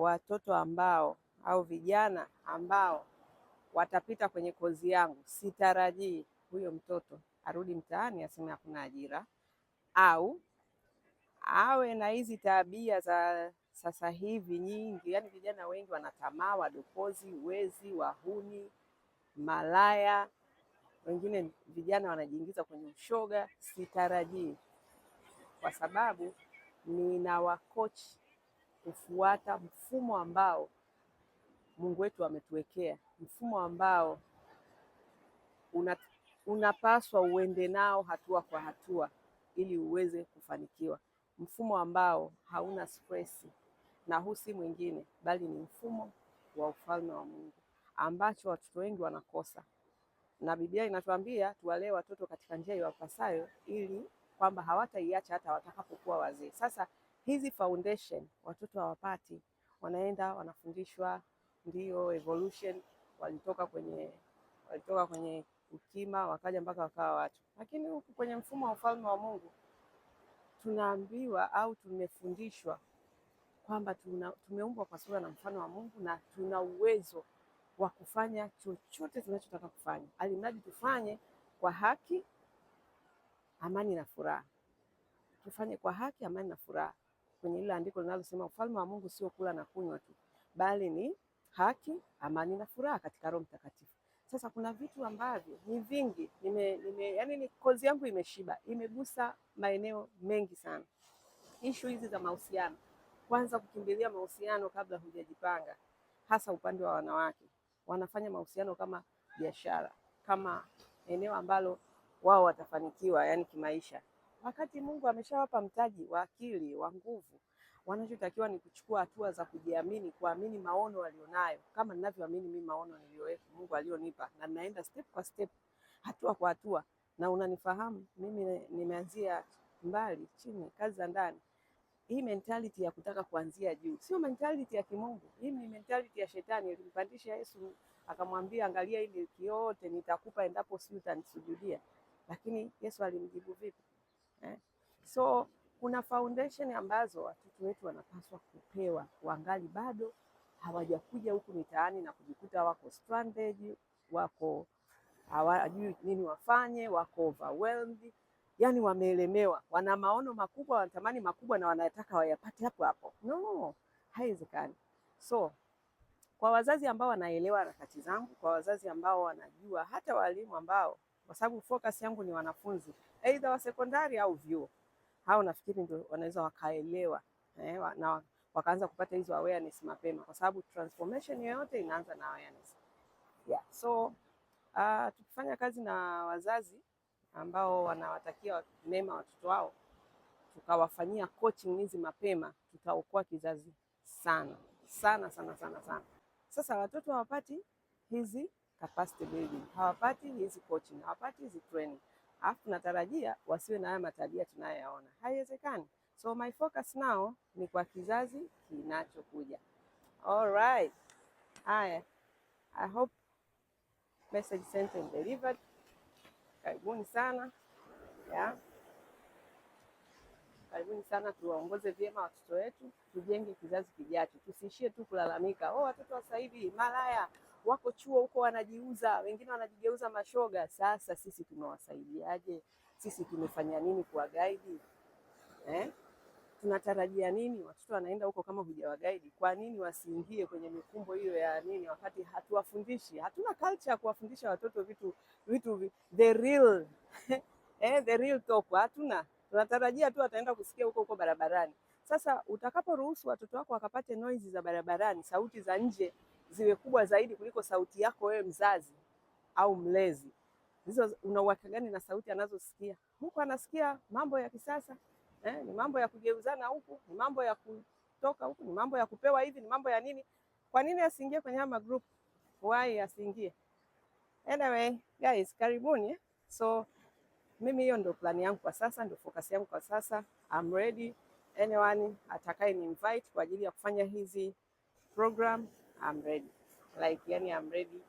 watoto ambao au vijana ambao watapita kwenye kozi yangu, sitarajii huyo mtoto arudi mtaani aseme hakuna ajira au awe na hizi tabia za sasa hivi nyingi. Yaani vijana wengi wanatamaa, wadokozi, wezi, wahuni, malaya, wengine vijana wanajiingiza kwenye ushoga. Sitarajii, kwa sababu wakochi kufuata mfumo ambao Mungu wetu ametuwekea, mfumo ambao una, unapaswa uende nao hatua kwa hatua ili uweze kufanikiwa, mfumo ambao hauna stress, na huu si mwingine bali ni mfumo wa ufalme wa Mungu ambacho watoto wengi wanakosa, na Biblia inatuambia tuwalee watoto katika njia iwapasayo, ili kwamba hawataiacha hata watakapokuwa wazee. Sasa Hizi foundation watoto hawapati, wanaenda wanafundishwa ndio evolution, walitoka kwenye walitoka kwenye ukima wakaja mpaka wakawa watu, lakini huku kwenye mfumo wa ufalme wa Mungu tunaambiwa au tumefundishwa kwamba tumeumbwa kwa sura na mfano wa Mungu na tuna uwezo wa kufanya chochote tunachotaka kufanya, alimradi tufanye kwa haki, amani na furaha. Tufanye kwa haki, amani na furaha kwenye lile andiko linalosema ufalme wa Mungu sio kula na kunywa tu, bali ni haki, amani na furaha katika Roho Mtakatifu. Sasa kuna vitu ambavyo ni vingi, nime, nime, yani ni kozi yangu imeshiba, imegusa maeneo mengi sana. Ishu hizi za mahusiano, kwanza kukimbilia mahusiano kabla hujajipanga, hasa upande wa wanawake. Wanafanya mahusiano kama biashara, kama eneo ambalo wao watafanikiwa, yani kimaisha Wakati Mungu ameshawapa mtaji wa akili wa nguvu, wanachotakiwa ni kuchukua hatua za kujiamini, kuamini maono walionayo, kama ninavyoamini mimi maono niliyoweka Mungu alionipa, na ninaenda step kwa step, hatua kwa hatua, na unanifahamu mimi, nimeanzia mbali chini, kazi za ndani. Hii mentality ya kutaka kuanzia juu sio mentality ya kimungu. Hii ni mentality ya shetani. Ilimpandisha Yesu akamwambia, angalia hili yote nitakupa endapo si utanisujudia. Lakini Yesu alimjibu vipi? eh? So kuna foundation ambazo watoto wetu wanapaswa kupewa wangali bado hawajakuja huku mitaani na kujikuta wako stranded, wako hawajui nini wafanye, wako overwhelmed, yani wameelemewa, wana maono makubwa, wanatamani makubwa na wanataka wayapate hapo hapo. No, haiwezekani. So kwa wazazi ambao wanaelewa harakati zangu, kwa wazazi ambao wanajua, hata walimu ambao kwa sababu focus yangu ni wanafunzi aidha wa sekondari au vyuo. Hao nafikiri ndio wanaweza wakaelewa eh, na wakaanza kupata hizo awareness mapema, kwa sababu transformation yoyote inaanza na awareness. Yeah. So uh, tukifanya kazi na wazazi ambao wanawatakia mema watoto wao, tukawafanyia coaching hizi mapema, tutaokoa kizazi sana sana sana sana sana. Sasa watoto hawapati hizi capacity building, hawapati hizi coaching, hawapati hizi training, alafu natarajia wasiwe na haya matabia tunayoyaona, haiwezekani. So my focus now ni kwa kizazi kinachokuja. All right. Haya, I hope message sent and delivered. Karibuni sana yeah. Karibuni sana, tuwaongoze vyema watoto wetu, tujenge kizazi kijacho, tusiishie tu kulalamika, oh, watoto wa sasa hivi malaya wako chuo huko wanajiuza, wengine wanajigeuza mashoga. Sasa sisi tumewasaidiaje? Sisi tumefanya nini guide eh? Tunatarajia nini? Watoto wanaenda huko kama guide, Kwa nini wasiingie kwenye mikumbo hiyo ya nini, wakati hatuwafundishi? Hatuna culture ya kuwafundisha watoto vitu vitu the real eh, the real talk hatuna. Tunatarajia tu wataenda kusikia huko huko barabarani. Sasa utakaporuhusu watoto wako wakapate noise za barabarani, sauti za nje ziwe kubwa zaidi kuliko sauti yako wewe mzazi au mlezi. Hizo una uhakika gani na sauti anazosikia? Huko anasikia mambo ya kisasa eh, ni mambo ya kugeuzana huku, ni mambo ya kutoka huku, ni mambo ya kupewa hivi, ni mambo ya nini. Kwa nini asiingie kwenye ama group? Why asiingie? Anyway, guys, karibuni. Eh. So mimi hiyo ndio plani yangu kwa sasa, ndio focus yangu kwa sasa. I'm ready anyone atakaye ni invite kwa ajili ya kufanya hizi program I'm ready. Like, yani, I'm ready